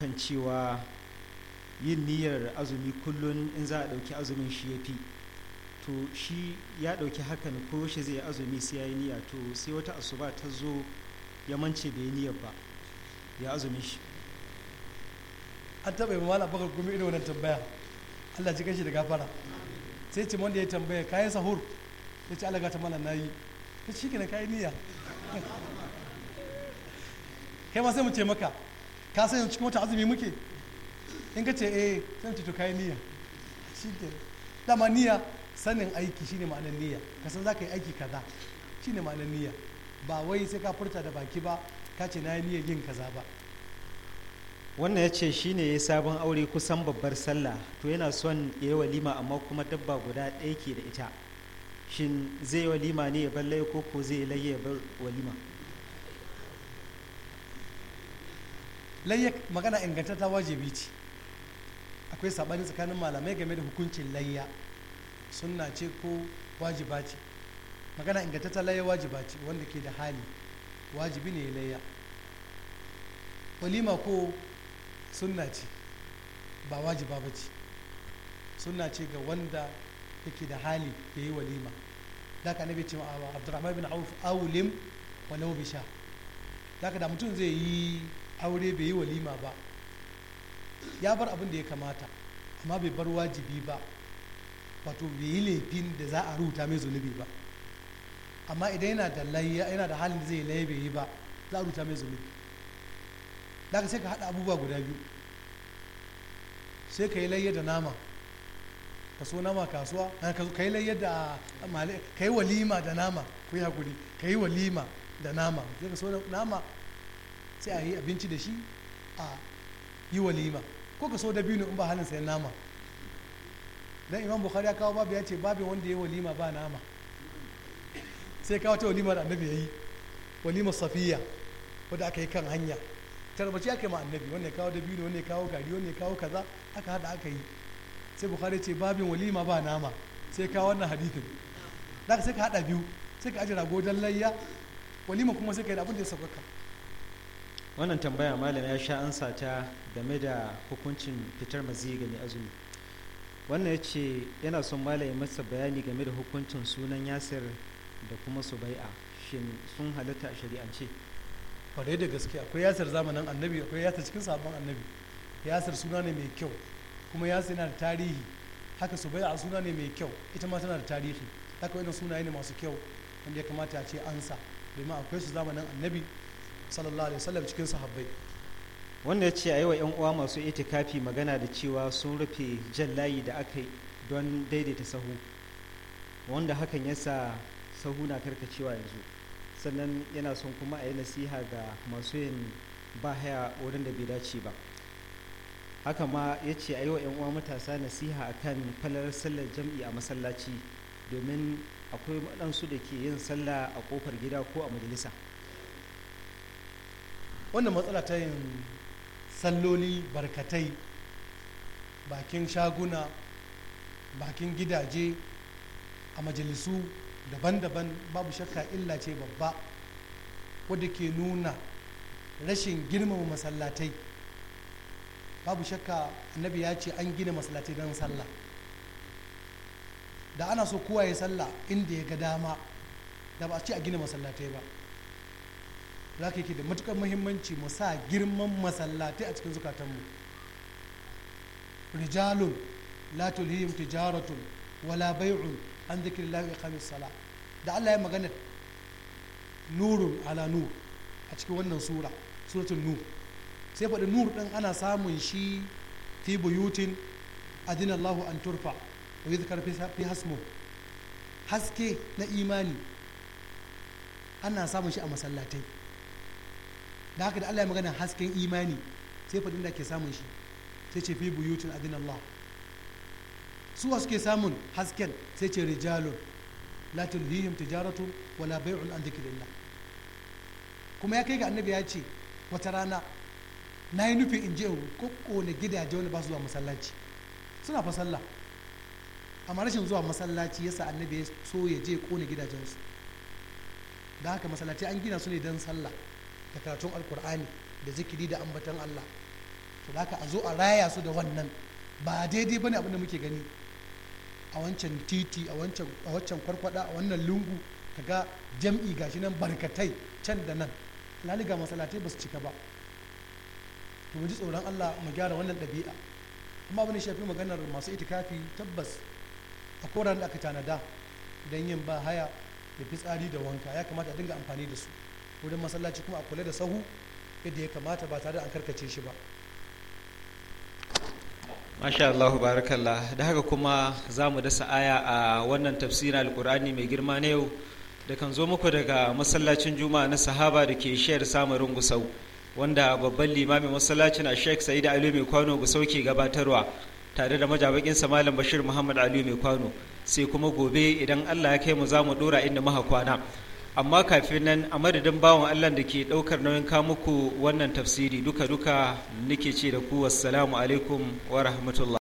kan cewa yin niyyar azumi kullum in za a ɗauki azumin shi ya fi to shi ya ɗauki hakan ko shi zai azumi sai ya yi niyya to sai wata asuba ta zo ya mance bai yi niyyar ba ya azumin shi an taɓa yi mawala bakar gumi ido wani tambaya allah ji shi da gafara sai ce wanda ya tambaya kayan sahur ya ce allah gata mana na yi ta shi ka kayan niyya kai ma sai mu ce maka ka san yanzu cikin wata azumi muke in ka ce eh sai ce to kai niyya shi ke dama niyya sanin aiki shine ma'anar niyya ka san za ka yi aiki kaza shine ma'anar niyya ba wai sai ka furta da baki ba ka ce na yi niyyar yin kaza ba wannan ya ce shi ne sabon aure kusan babbar sallah to yana son ya yi walima amma kuma dabba guda ɗaya ke da ita shin zai yi walima ne ya balle ko ko zai laye ya bar walima layya magana ta wajibi ce akwai sabani tsakanin malamai game da hukuncin layya suna ce ko wajiba ce magana ta layya wajiba ce wanda ke da hali wajibi ne layya walima ko suna ce ba wajiba ba ce suna ce ga wanda yake da hali ya yi walima da ka nabi cewa abdurrahman bin auf aulim walau bisha da ka da mutum zai yi aure bai yi walima ba ya bar abin da ya kamata amma bai bar wajibi ba wato bai yi laifin da za a rubuta mai zunubi ba amma idan yana da layya yana da halin da zai laye bai yi ba za a rubuta mai zunubi daga sai ka haɗa abubuwa guda biyu sai ka yi layya da nama ka so nama kasuwa eh, ka yi layya da ka yi walima da nama ku yi hakuri ka yi walima da nama sai ka so nama sai a yi abinci da shi a yi walima ko ka so dabino in ba halin sayan nama dan imam bukhari ya kawo babu ya ce babu wanda ya yi walima ba nama sai kawo ta walima da annabi ya yi walima safiya wadda aka yi kan hanya tarbaci aka yi ma annabi wanda ya kawo dabino wanda ya kawo gari wanda ya kawo kaza aka hada aka yi sai bukhari ce babin walima ba nama sai kawo wannan hadithin da sai ka hada biyu sai ka ajiye rago layya walima kuma sai ka yi abin da ya sauƙaƙa wannan tambaya malam ya sha ansa ta game da hukuncin fitar maziyi ga mai azumi wannan ya ce yana son malam masa bayani game da hukuncin sunan yasir da kuma subai'a shin sun halatta a shari'ance kwarai da gaske akwai yasir zamanin annabi akwai yasir cikin sabon annabi yasir suna ne mai kyau kuma yasir yana da tarihi haka subai'a suna ne mai kyau ita ma tana da tarihi haka wani sunaye ne masu kyau wanda ya kamata a ce ansa domin akwai su zamanin annabi sallallahu alaihi wasallam cikin sahabbai wanda ya ce a 'yan uwa masu itikafi magana da cewa sun rufe jan layi da aka yi don daidaita sahu wanda hakan ya sa sahu na karkacewa yanzu sannan yana son kuma a yi nasiha ga masu yin haya wurin da bai dace ba haka ma ya ce a yi wa uwa matasa nasiha a kan falar sallar jam'i a masallaci domin akwai waɗansu da ke yin sallah a ƙofar gida ko a majalisa wannan matsala ta yin salloli barkatai bakin shaguna bakin gidaje a majalisu daban-daban babu shakka illa ce babba wadda ke nuna rashin girmama masallatai babu shakka annabi ya ce an gina masallatai don sallah da ana so kowa ya sallah inda ya ga dama da ba a ce a gina masallatai ba za ka yake da matukar muhimmanci mu sa girman masallatai a cikin zukatanmu rijalun la tulhihim tijaratun wala bai'un an zikrillahi iqamis sala da Allah ya magana nurun ala nur a cikin wannan sura suratul nur sai faɗi nur ɗin ana samun shi fi buyutin adina Allahu an turfa wa yuzkar fi hasmu haske na imani ana samun shi a masallatai da haka da Allah ya magana hasken imani sai fadin da ke samun shi sai ce fi buyutin adin Allah suwa suke samun hasken sai ce rijalun la tulhihim tijaratu wala bai'un an dhikrillah kuma ya kai ga annabi ya ce wata rana na yi nufin in je in kokkone gidaje wanda ba su zuwa masallaci suna fa amma rashin zuwa masallaci yasa annabi ya so ya je kone gidajensu da haka masallaci an gina su ne don sallah da karatun alkur'ani da zikiri da ambatan Allah to da a zo a raya su da wannan ba daidai bane abin da muke gani a wancan titi a wancan a wancan kwarkwada a wannan lungu kaga jam'i gashi nan barkatai can da nan laliga masalatai ba su cika ba to mu ji tsoron Allah mu gyara wannan ɗabi'a kuma abin da shafi maganar masu itikafi tabbas a koran da aka tanada don yin ba haya da fitsari da wanka ya kamata a dinga amfani da su wurin masallaci kuma a kula da sahu yadda ya kamata ba tare da an karkace shi ba Masha Allah barakallah da haka kuma za mu dasa aya a wannan tafsirin alkur'ani mai girma na yau da kan zo muku daga masallacin juma'a na sahaba da ke shayar samarin gusau wanda babban limamin masallacin a sheikh sa'id aliyu mai kwano gusau ke gabatarwa tare da majabakinsa malam bashir muhammad aliyu mai kwano sai kuma gobe idan allah ya kai mu za mu dora inda muka kwana amma kafin nan a madadin bawan Allah da ke ɗaukar nauyin ka muku wannan tafsiri duka-duka nake ce da ku wassalamu alaikum wa rahmatullah